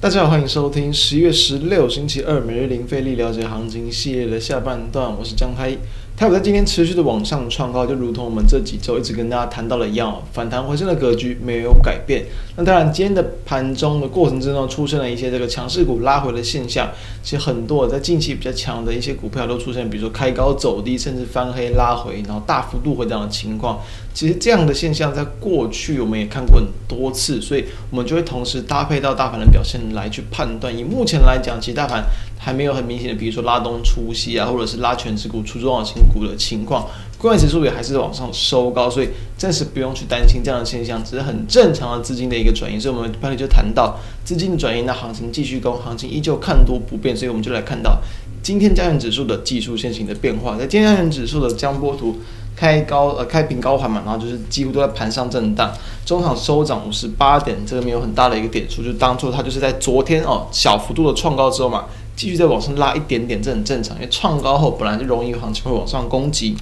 大家好，歡迎收聽十一月十六星期二每日零費力了解行情系列的下半段，我是江開一。它有在今天持續的往上創高，就如同我們這幾週一直跟大家談到的一樣，反彈回升的格局沒有改變。那當然，今天的盤中的過程之中，出現了一些這個強勢股拉回的現象。其實很多在近期比較強的一些股票都出現，比如說開高走低，甚至翻黑拉回，然後大幅度回這樣的情況。其實這樣的現象在過去我們也看過很多次，所以我們就會同時搭配到大盤的表現來去判斷。以目前來講，其實大盤。還沒有很明顯的，比如說拉東出西啊，或者是拉權值股出中小型股的情況，工業指數，也還是往上收高，所以暫時不用去擔心這樣的現象，只是很正常的資金的一個轉移。所以，我們剛才就談到資金轉移，那行情繼續攻，行情依舊看多不變，所以我們就來看到今天加權指數的技術線型的變化。在今天加權指數的江波圖，開高呃開平高盤嘛，然後就是幾乎都在盤上震盪，中場收漲五十八點，這個沒有很大的一個點數，就當初它就是在昨天哦小幅度的創高之後嘛。繼續再往上拉一點點，這很正常，因為創高後本來就容易行情會往上攻擊。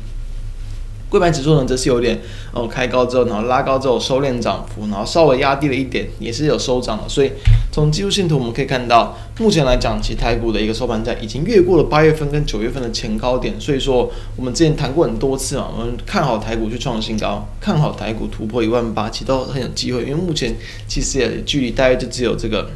櫃買指數呢，則是有點哦，開高之後，然後拉高之後收斂漲幅，然後稍微壓低了一點，也是有收漲的。所以從技術線圖，我們可以看到，目前來講，其實台股的一個收盤價已經越過了八月份跟九月份的前高點。所以說，我們之前談過很多次嘛，我們看好台股去創新高，看好台股突破一萬八，其實都很有機會，因為目前其實也距離大概就只有這個。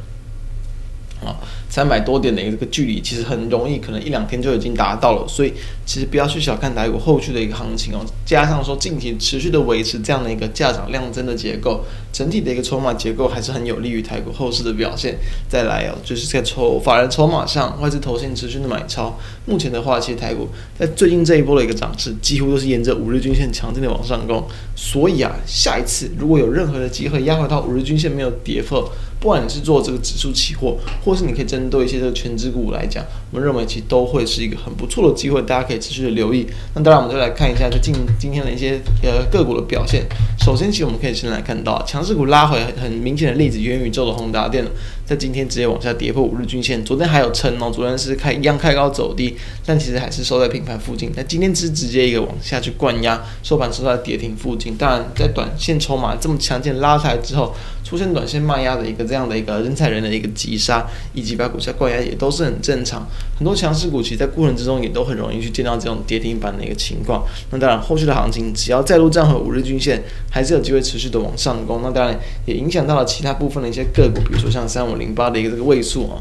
三百多點的一個距離，其實很容易，可能一兩天就已經達到了，所以。其實不要去小看台股後續的一個行情哦，加上說近期持續的維持這樣的一個價漲量增的結構，整體的一個籌碼結構還是很有利於台股後市的表現。再來哦，就是在籌法人籌碼上，外資投信持續的買超。目前的話，其實台股在最近這一波的一個漲勢，幾乎都是沿着五日均線強勁的往上攻。所以啊，下一次如果有任何的機會壓回到五日均線沒有跌破，不管你是做這個指數期貨，或是你可以針對一些這個權值股來講，我們認為其實都會是一個很不錯的機會，大家可以。持續的留意，那當然，我們就來看一下這近今天的一些呃個股的表現。首先，其實我們可以先來看到啊、強勢股拉回很明顯的例子，元宇宙的宏達電，在今天直接往下跌破五日均線。昨天還有撐哦，昨天是開一樣開高走低，但其實還是收在平盤附近。那今天是直接一個往下去灌壓，收盤收在跌停附近。當然，在短線籌碼這麼強勁拉抬之後，出現短線賣壓的一個這樣的一個人踩人的一個急殺，以及把股價灌壓也都是很正常。很多強勢股其實在過程之中，也都很容易去見到這種跌停板的一個情況。那當然，後續的行情只要再度站回五日均線，還是有機會持續的往上攻，那當然也影響到了其他部分的一些個股，比如說像三五零八的一個這個位數啊，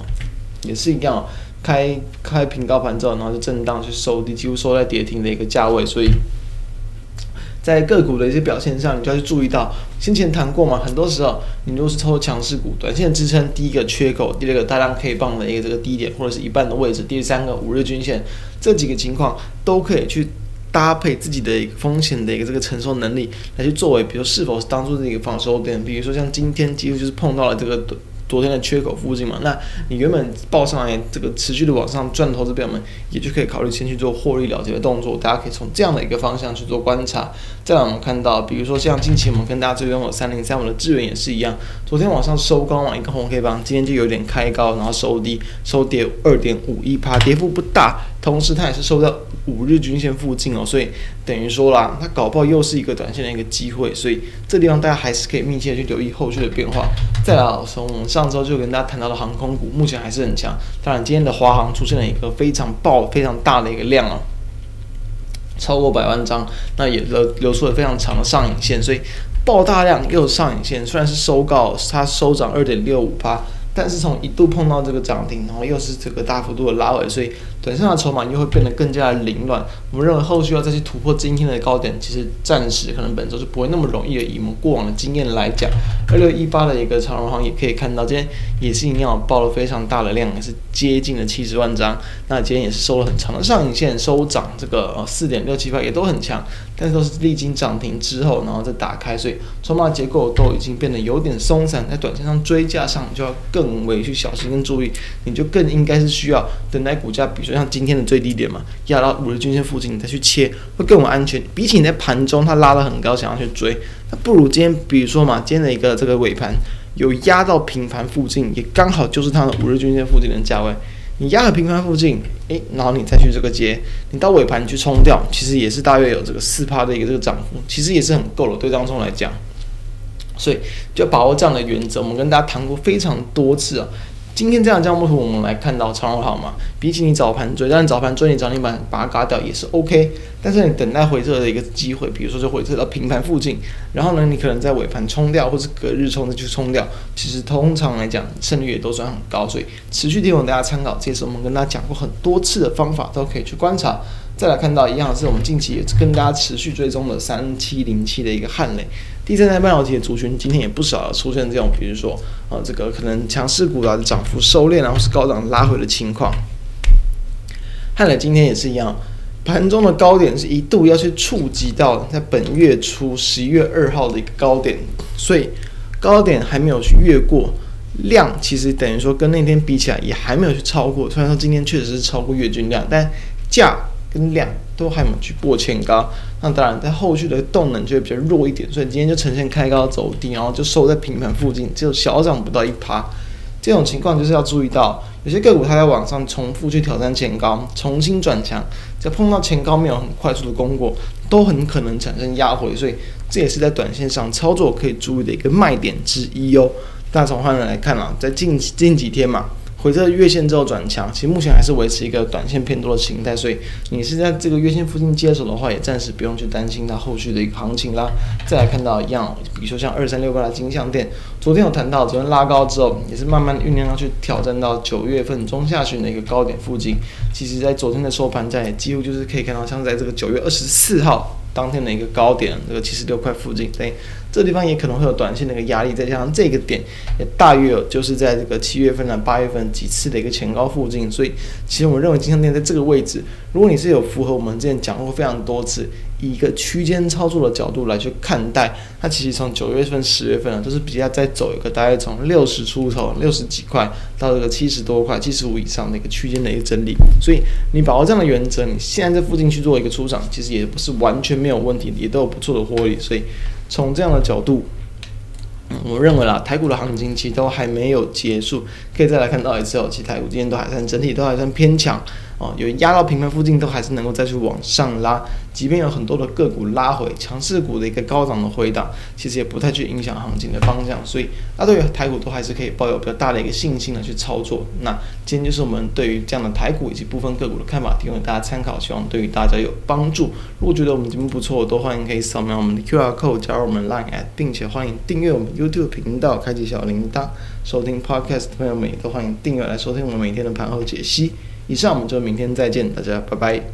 也是一樣，哦，開開平高盤之後，然後就震盪去收低，幾乎收在跌停的一個價位，所以在個股的一些表現上，你就要去注意到，先前談過嘛，很多時候你都是抽強勢股，短線支撐第一個缺口，第二個大量 K 棒的一個這個低點或者是一半的位置，第三個五日均線這幾個情況都可以去。搭配自己的一個風險的一個這個承受能力來去作為，比如是否是當做一個防守點。比如說像今天幾乎就是碰到了這個昨天的缺口附近嘛，那你原本報上來這個持續的往上轉頭，這邊我們，也就可以考慮先去做獲利了結的動作。大家可以從這樣的一個方向去做觀察。再來我們看到，比如說像近期我們跟大家這邊有三零三，我們的資源也是一樣，昨天晚上收高往一個紅黑榜，今天就有點開高，然後收低，收跌二點五一趴，跌幅不大。同時，它也是收在五日均線附近哦，所以等於說啦，它搞不好又是一個短線的一個機會，所以這地方大家還是可以密切去留意後續的變化。再來、啊，從我們上周就跟大家談到的航空股，目前還是很強。當然，今天的華航出現了一個非常爆、非常大的一個量啊、哦，超過百萬張，那也留出了非常長的上影線。所以爆大量又上影線，雖然是收高，它收漲二點六五八，但是從一度碰到這個漲停，然後又是這個大幅度的拉尾，所以。短線的籌碼又會變得更加的凌亂。我們認為後續要再去突破今天的高點，其實暫時可能本周是不會那麼容易的。以我們過往的經驗來講，二六一八的一個長榮航也可以看到，今天也是一樣爆了非常大的量，也是接近了七十萬張。那今天也是收了很長的上影線，收漲這個四點六七八也都很強，但是都是歷經漲停之後然後再打開，所以籌碼結構都已經變得有點鬆散，在短線上追加上就要更為去小心跟注意，你就更應該是需要等待股價比。就像今天的最低點嘛，壓到五日均線附近你再去切，會更為安全。比起你在盤中它拉得很高想要去追，那不如今天比如說嘛，今天的一個這個尾盤有壓到平盤附近，也剛好就是它的五日均線附近的價位。你壓到平盤附近，誒、欸，然後你再去這個接，你到尾盤去沖掉，其實也是大約有這個四趴的一個這個漲幅，其實也是很夠了，對當中來講。所以就把握這樣的原則，我們跟大家談過非常多次啊。今天這樣，張目圖，我們來看到超龍好嘛？比起你早盤追，但早盤追你漲停板把它嘎掉也是 OK。但是你等待回撤的一個機會，比如說就回撤到平盤附近，然後呢，你可能在尾盤沖掉，或是隔日沖着去沖掉，其實通常來講勝率也都算很高。所以持續提供大家參考，其實我們跟大家講過很多次的方法，都可以去觀察。再來看到一樣是我們近期也是跟大家持續追蹤的三七零七的一個漢磊第三代半導體的族群，今天也不少出現這種，比如說啊，這個可能強勢股啊，漲幅收斂，然後是高漲拉回的情況。漢磊今天也是一樣，盤中的高點是一度要去觸及到在本月初十一月二號的一個高點，所以高點還沒有去越過，量其實等於說跟那天比起來也還沒有去超過，雖然說今天確實是超過月均量，但價。跟量都還沒有去破前高，那當然在後續的動能就會比較弱一點，所以今天就呈現開高的走低，然後就收在平盤附近，只有小漲不到一趴。這種情況就是要注意到，有些個股它在往上重複去挑戰前高，重新轉強，只要碰到前高沒有很快速的攻過，都很可能產生壓回，所以這也是在短線上操作可以注意的一個賣點之一哦。那從畫面來看啊，在近近幾天嘛，回在月線之後轉強，其實目前還是維持一個短線偏多的形態，所以你是在這個月線附近接手的話，也暫時不用去擔心它後續的一個行情啦。再來看到一樣，比如說像二三六八的金像電，昨天有談到，昨天拉高之後也是慢慢醞釀要去挑戰到九月份中下旬的一個高點附近。其實，在昨天的收盤價，也幾乎就是可以看到，像在這個九月二十四號當天的一個高點，這個七十六塊附近，對。這地方也可能會有短線的一個壓力，再加上這個點也大約就是在這個七月份啊、八月份幾次的一個前高附近，所以其實我們認為金像電在這個位置，如果你是有符合我們之前講過非常多次以一個區間操作的角度來去看待，它其實從九月份、十月份啊都、就是比較在走一個大概從六十出頭、六十幾塊到這個七十多塊、七十五以上的一個區間的一個整理，所以你把握這樣的原則，你現在在附近去做一個出場，其實也不是完全沒有問題，也都有不錯的獲利，所以。從這樣的角度，我認為啦，台股的行情其實都還沒有結束，可以再來看到一次哦、喔。其實台股今天都還算整體都還算偏強。哦，有壓到平台附近，都還是能夠再去往上拉。即便有很多的個股拉回，強勢股的一個高漲的回檔，其實也不太去影響行情的方向。所以，那對於台股都還是可以抱有比較大的一個信心來去操作。那今天就是我們對於這樣的台股以及部分個股的看法，提供給大家參考，希望對於大家有幫助。如果覺得我們節目不錯，都歡迎可以掃描我們的 QR code 加入我們 Line@ 並且歡迎訂閱我們 YouTube 頻道，開啟小鈴鐺，收聽 Podcast。的朋友們，也都歡迎訂閱來收聽我們每天的盤後解析。以上我們就明天再見，大家拜拜。